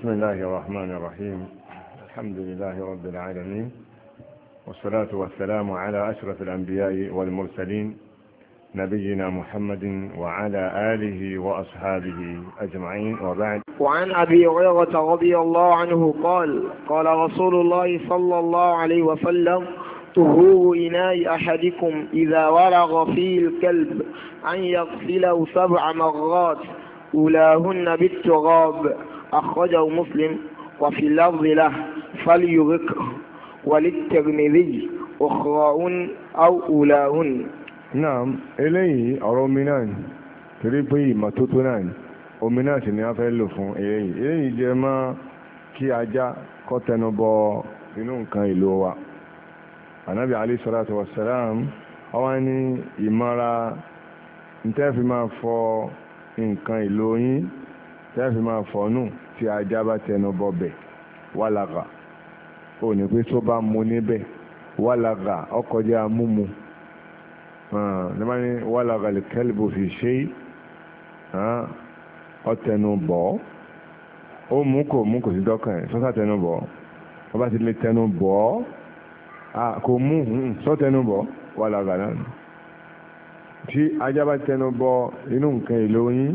بسم الله الرحمن الرحيم الحمد لله رب العالمين والصلاة والسلام على أشرف الأنبياء والمرسلين نبينا محمد وعلى آله وأصحابه أجمعين وبعد وعن أبي هريرة رضي الله عنه قال قال رسول الله صلى الله عليه وسلم طهور إناء أحدكم إذا ولغ فيه الكلب أن يغسله سبع مرات أولاهن بالتراب أخرجه مسلم وفي لفظ له فليغرقه وللترمذي أخراهن أو أولاهن نعم إليه أرى منان تريبي ما تتنان òmìnà sì ni a fẹ́ lò fún eléyìí eléyìí jẹ mọ́ kí ajá kọ́ tẹnu bọ inú nǹkan ìlú wa anabi ali salatu wa salam ọwọ́ ní ìmọ̀ra ntẹ́fì máa fọ nǹkan ìlú yín tẹ́ẹ̀fì máa fọ́nù tí ajá bá tẹnu bọ̀bẹ̀ wàlàgà ò ní pé tó bá mu níbẹ̀ wàlàgà ọkọjá múmu nígbà ní wàlàgà kẹ́lìbù fi ṣe ọtẹnu bọ̀ ó mú kò mú kò sí dọ́kàn ẹ̀ sọ́sà tẹnu bọ̀ ó bá ti lè tẹnu bọ̀ kò mú sọ́tẹnu bọ̀ wàlàgà náà tí ajá bá tẹnu bọ̀ inú nǹkan èlò yín.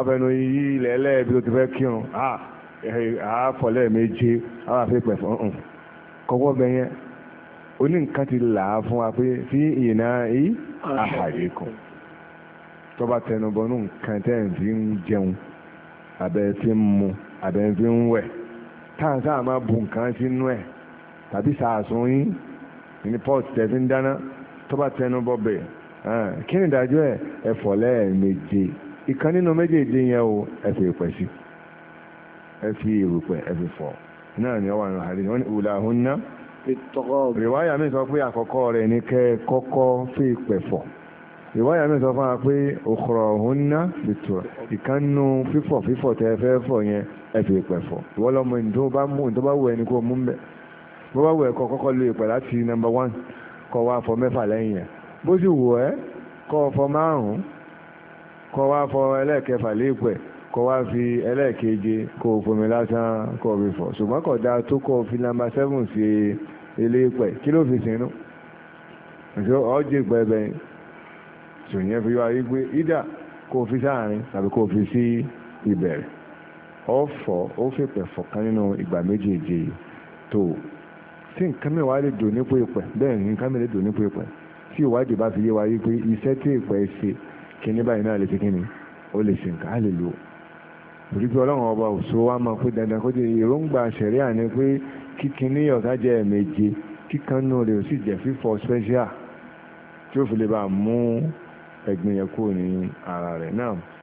ọbẹ̀nu yí ilẹ̀ ẹlẹ́ẹ̀bi tó ti fẹ́ kírun àáfọ̀lẹ́ méje àwọn àfihàn pẹ̀fọ́ ọ̀hún kọ́kọ́ bẹ yẹn oní nǹkan ti là á fún wa pé fi ìná yí àhàdé kan tọ́ba tẹnubọ́nú nǹkan tẹ́ ń fi ń jẹun abẹ́ fi ń mu abẹ́ fi ń wẹ̀ táwọn sáà máa bu nǹkan sínú ẹ̀ tàbí sàásùn yín ní pọ́ọ̀tù tẹ̀ fi ń dáná tọ́ba tẹnubọ́ bẹ̀ kí ni ìdájọ́ ẹ̀ ẹ̀fọ́ lẹ́ẹ̀méje ìkan nínú méjèèjì yẹn o ẹ fi ìpẹ́ sí ẹ fi ìrùpẹ̀ ẹ fi fọ̀ náà ni ọwọ́ àwọn àrídìí wọ́n ní ìwúlà ọ̀hún ná. rìwáyà mi sọ pé àkọ́kọ́ rẹ̀ ní kẹ́ kọ́kọ́ fi ìpẹ̀ fọ̀ rìwáyà mi sọ fún wa pé òkùrọ̀ ọ̀hún ná fìtura ìkànnù fífọ̀ fífọ̀ tẹ́ fẹ́ fọ̀ yẹn ẹ fi ìpẹ̀ fọ̀ ìwọ́lọ́mọ ìdúbà wù ẹni kó mú mbẹ́ bó bá wù ẹ kọ́ kọ́kọ́ lo ìpẹ̀ láti number one kọ́ wa fọ̀ mẹ́fà lẹ́yìn yẹn bó sì wù ẹ kọ́ fọ̀ márùn-ún kọ́ wá fọ ẹlẹ́ẹ̀kẹfà léèpẹ̀ kọ́ wá fi ẹlẹ́ẹ̀keje kó o fomi lásán kó o fi fọ̀ ṣùgbọ́n kò dáa tó kó o fi nàmbà sẹ́fùn sí eléèpẹ̀ kí ló fi sínú ṣé ọjì pẹ̀bẹ̀ ṣòyẹn fi wá wípé ìdá kó o fi sáàrin tàbí kó o fi sí ìbẹ̀rẹ̀ ọ̀fọ̀ ó fèpẹ̀ fọ̀kan nínú ìgbà méjèèjì tó tí nǹkan mẹ́wàá lè dò nípò ìpẹ̀ bẹ́ẹ̀ ni nǹkan mẹ́wàá lè dò nípò ìpẹ̀ tí ìwádìí bá fi yé wa wípé iṣẹ́ tí ìpẹ́ ṣe kíní báyìí náà lè fi kíní ó lè ṣe nǹkan á lè lò torí pé ọlọ́run ọba òṣò wa máa pé dandan kó jẹ èròǹgbà ṣẹ̀ríà ni pé kíkíní ọ̀tá jẹ́ ẹ̀mẹ̀je kíkanú rẹ̀ ó sì jẹ́ fífọ̀ special tí ó fi lè bá mú ẹ̀gbìn yẹn kúrò ní ara rẹ̀ náà.